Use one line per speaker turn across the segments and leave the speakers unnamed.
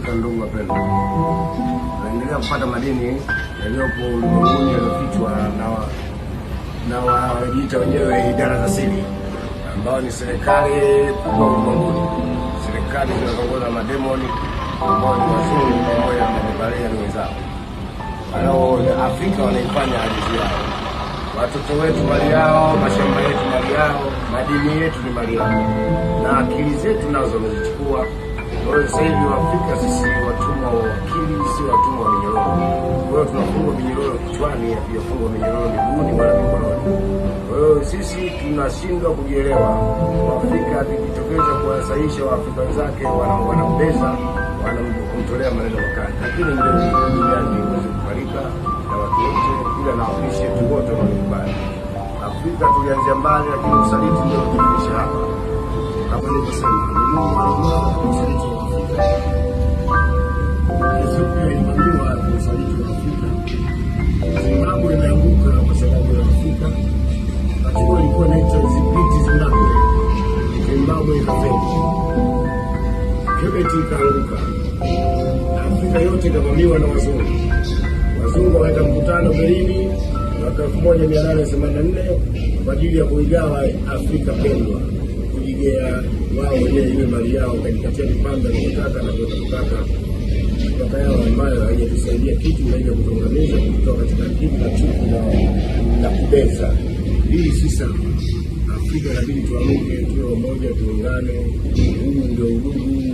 sita ndugu wapendwa, naendelea kupata madini yaliyopo ulimwenguni yaliyofichwa na wajiita wenyewe idara za siri, ambao ni serikali kubwa ulimwenguni, serikali zinazoongozwa na mademoni ambao ni wazungu pamoja na mababalia wenzao wanao Afrika wanaifanya ardhi yao, watoto wetu mali yao, mashamba yetu mali yao, madini yetu ni mali yao, na akili zetu nazo wamezichukua. Sasa hivi Waafrika sisi watumwa wa akili, si watumwa wa minyororo. Kwa hiyo tunafungwa minyororo kichwani, hatujafungwa minyororo miguuni wala mikononi. Kwa hiyo sisi tunashindwa kujielewa. Waafrika tukijitokeza kuwasahihisha Waafrika wenzake, wanambeza, wanamtolea maneno makali, lakini ndio duniani iweze kubalika na watu wote, ila na waandishi wetu wote wamekubali. Afrika tulianzia mbali, lakini usaliti ndio kutufikisha hapa. Kama nilivyosema Sovieti ikaanguka, Afrika yote ikavamiwa na wazungu. Wazungu waenda mkutano Berlini mwaka 1884 kwa ajili ya kuigawa Afrika pendwa, kujigea wao wenyewe ile mali yao, wakajikatia vipande nakutaka na kuweza mipaka yao ambayo haijatusaidia kitu, naija kutuangamiza kutoka katika kitu na chuku na kubeza. Hili si sawa. Hakika inabidi tuamke, tuwe umoja, tuungane. Huu ndio udugu,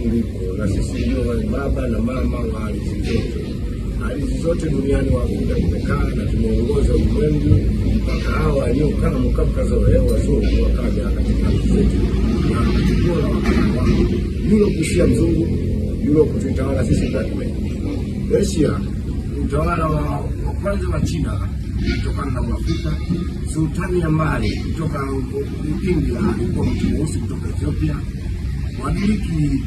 ulipo, na sisi ndio baba na mama wa ardhi zote. Ardhi zote duniani Waafrika tumekaa na tumeongoza ulimwengu mpaka hao waliokaa za waleo wazungu wakaja katika ardhi zetu na kuchukua na wakaa yulo kushia mzungu yulo kutuitawala sisi blackman Asia utawala wa kwanza wa China kutokana na mafuta. Sultani ya Mbale kutoka india alikuwa mtu mweusi kutoka Ethiopia. Wadiliki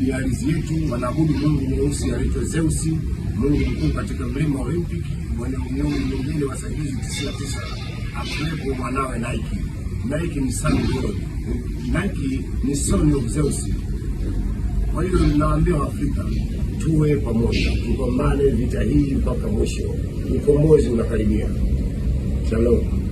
ya yetu wanaabudu mungu mweusi anaitwa Zeus, mungu mkuu katika mlima Olympic. mwenye Wanamiungu mwingine wasaidizi tisini na tisa akiwepo mwanawe Nike. Nike ni sun god, Nike ni son of Zeus. Kwa hiyo ninawaambia Waafrika tuwe pamoja, tupambane vita hii mpaka mwisho. Ukombozi unakaribia. Shalom.